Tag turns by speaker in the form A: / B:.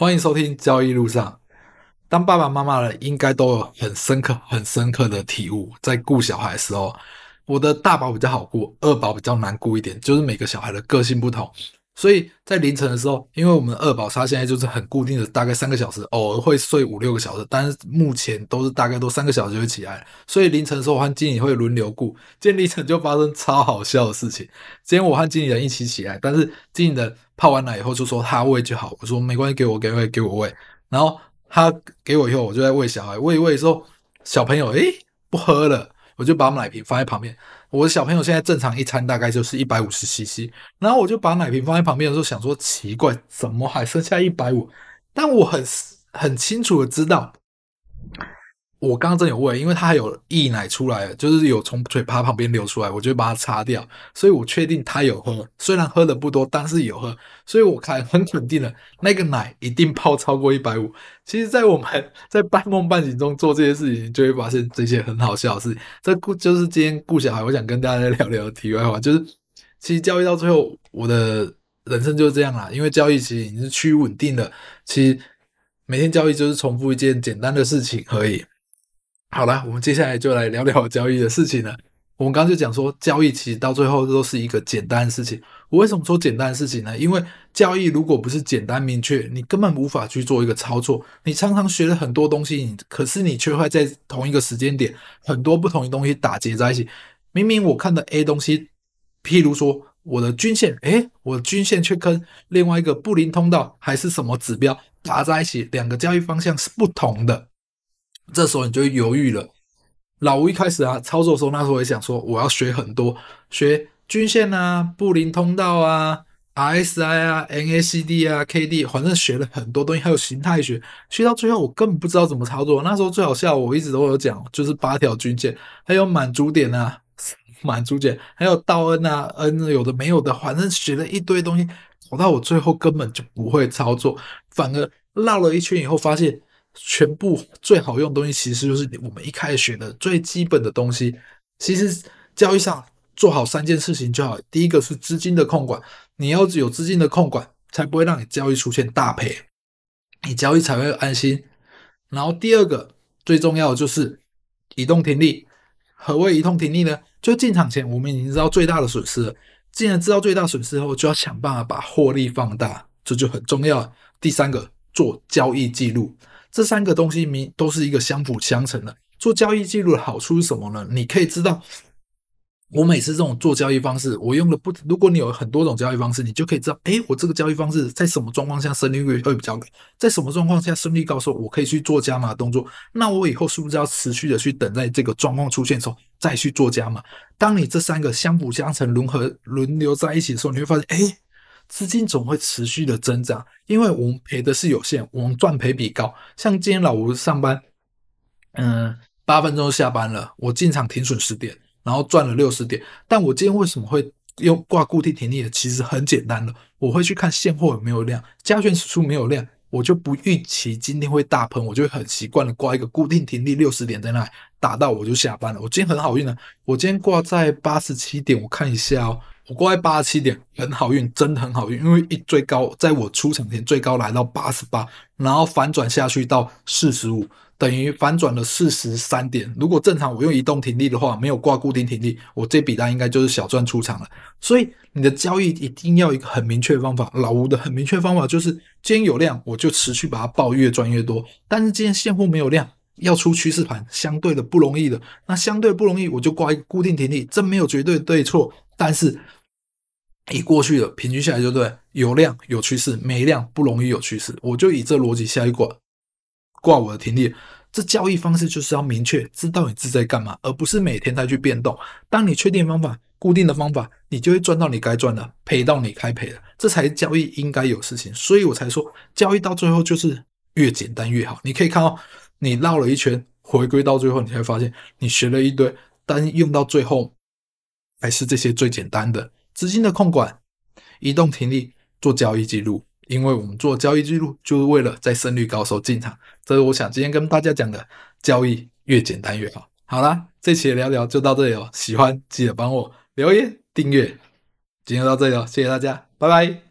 A: 歡迎收聽交易路上。當爸爸媽媽的應該都有很深刻、很深刻的體悟。在顧小孩的時候，我的大寶比較好顧，二寶比較難顧一點，就是每個小孩的個性不同。所以在凌晨的時候，因為我們二寶他現在就是很固定的，大概三個小時，偶爾會睡五六個小時，但是目前都是大概都三個小時就會起來。所以凌晨的時候，我和經理會輪流顧。今天凌晨就發生超好笑的事情。今天我和經理人一起起來，但是經理人泡完奶以後就說他餵就好，我說沒關係，給我給我給我餵。然後他給我以後，我就在餵小孩，餵一餵的時候，小朋友誒、欸，不喝了。我就把奶瓶放在旁邊。我的小朋友現在正常一餐大概就是一百五十 cc，然後我就把奶瓶放在旁邊的時候，想說奇怪，怎麼還剩下一百五？但我很很清楚的知道。我剛剛真有餵，因為它還有溢奶出來，就是有從嘴巴旁邊流出來，我就會把它擦掉。所以我確定他有喝，雖然喝的不多，但是有喝。所以我看很肯定了，那個奶一定泡超過一百五。其實，在我們在半夢半醒中做這些事情，就會發現這些很好笑的事情。這顧就是今天顧小孩，我想跟大家聊聊題外話，就是其實交易到最後，我的人生就是這樣啦。因為交易其實已經是趨於穩定的，其實每天交易就是重複一件簡單的事情而已。好啦，我們接下來就來聊聊交易的事情了。我們剛剛就講說，交易其實到最後都是一個簡單的事情。我為什麼說簡單的事情呢？因為交易如果不是簡單明確，你根本無法去做一個操作。你常常學了很多東西，你可是你卻會在同一個時間點，很多不同的東西打結在一起。明明我看的 A 東西，譬如說我的均線，哎，我的均線卻跟另外一個布林通道還是什麼指標打在一起，兩個交易方向是不同的。這時候你就猶豫了。老吳一開始啊，操作的時候，那時候也想說，我要學很多，學均線啊、布林通道啊、RSI 啊、MACD 啊、KD，反正學了很多東西，還有形態學。學到最後，我根本不知道怎麼操作。那時候最好笑，我一直都有講，就是八條均線，還有滿足點啊，滿足點，還有道恩啊，恩有的沒有的，反正學了一堆東西，搞到我最後根本就不會操作，反而繞了一圈以後發現。全部最好用的東西其實就是我們一開始學的最基本的東西。其實交易上做好三件事情就好。第一個是資金的控管，你要有資金的控管，才不會讓你交易出現大賠，你交易才會安心。然後第二個最重要的就是移動停利。何謂移動停利呢？就進場前我們已經知道最大的損失了。既然知道最大損失後，就要想辦法把獲利放大，這就很重要。第三個做交易記錄。這三個東西明都是一個相輔相成的。做交易記錄的好處是什麼呢？你可以知道我每次這種做交易方式，我用的不。如果你有很多種交易方式，你就可以知道，哎，我這個交易方式在什麼狀況下勝率會比較高，在什麼狀況下勝率高，說我可以去做加碼的動作。那我以後是不是要持續的去等待這個狀況出現的時候再去做加碼？當你這三個相輔相成、融合輪流在一起的時候，你會發現，哎。資金總會持續的增長，因為我們賠的是有限，我們賺賠比高。像今天老吳上班，嗯，八分鐘下班了。我進場停損十點，然後賺了六十點。但我今天為什麼會又掛固定停利？其實很簡單的，我會去看現貨有沒有量，加權指數沒有量，我就不預期今天會大噴，我就很習慣的掛一個固定停利六十點在那裡，打到我就下班了。我今天很好運啊，我今天掛在八十七點，我看一下哦。我掛在八十七點，很好運，真的很好運，因為一最高在我出場前最高來到八十八，然後反轉下去到四十五，等於反轉了四十三點。如果正常我用移動停利的話，沒有掛固定停利，我這筆單應該就是小賺出場了。所以你的交易一定要一個很明確的方法。老吳的很明確的方法就是今天有量，我就持續把它抱，越賺越多。但是今天現貨沒有量，要出趨勢盤，相對的不容易的。那相對不容易，我就掛一個固定停利，這沒有絕對對錯，但是。你過去了，平均下來就對，有量有趨勢，沒量不容易有趨勢。我就以這邏輯下一掛，掛我的停利。這交易方式就是要明確知道你自在幹嘛，而不是每天再去變動。當你確定方法，固定的方法，你就會賺到你該賺的，賠到你該賠的。這才交易應該有事情。所以我才說，交易到最後就是越簡單越好。你可以看哦，你繞了一圈，回歸到最後，你才發現你學了一堆，但用到最後還是這些最簡單的。資金的控管，移動停利，做交易記錄，因為我們做交易記錄就是為了在勝率高時候進場。這是我想今天跟大家講的，交易越簡單越好。好啦，這期的聊聊就到這裡哦，喜歡記得幫我留言訂閱。今天就到這裡了，謝謝大家，拜拜。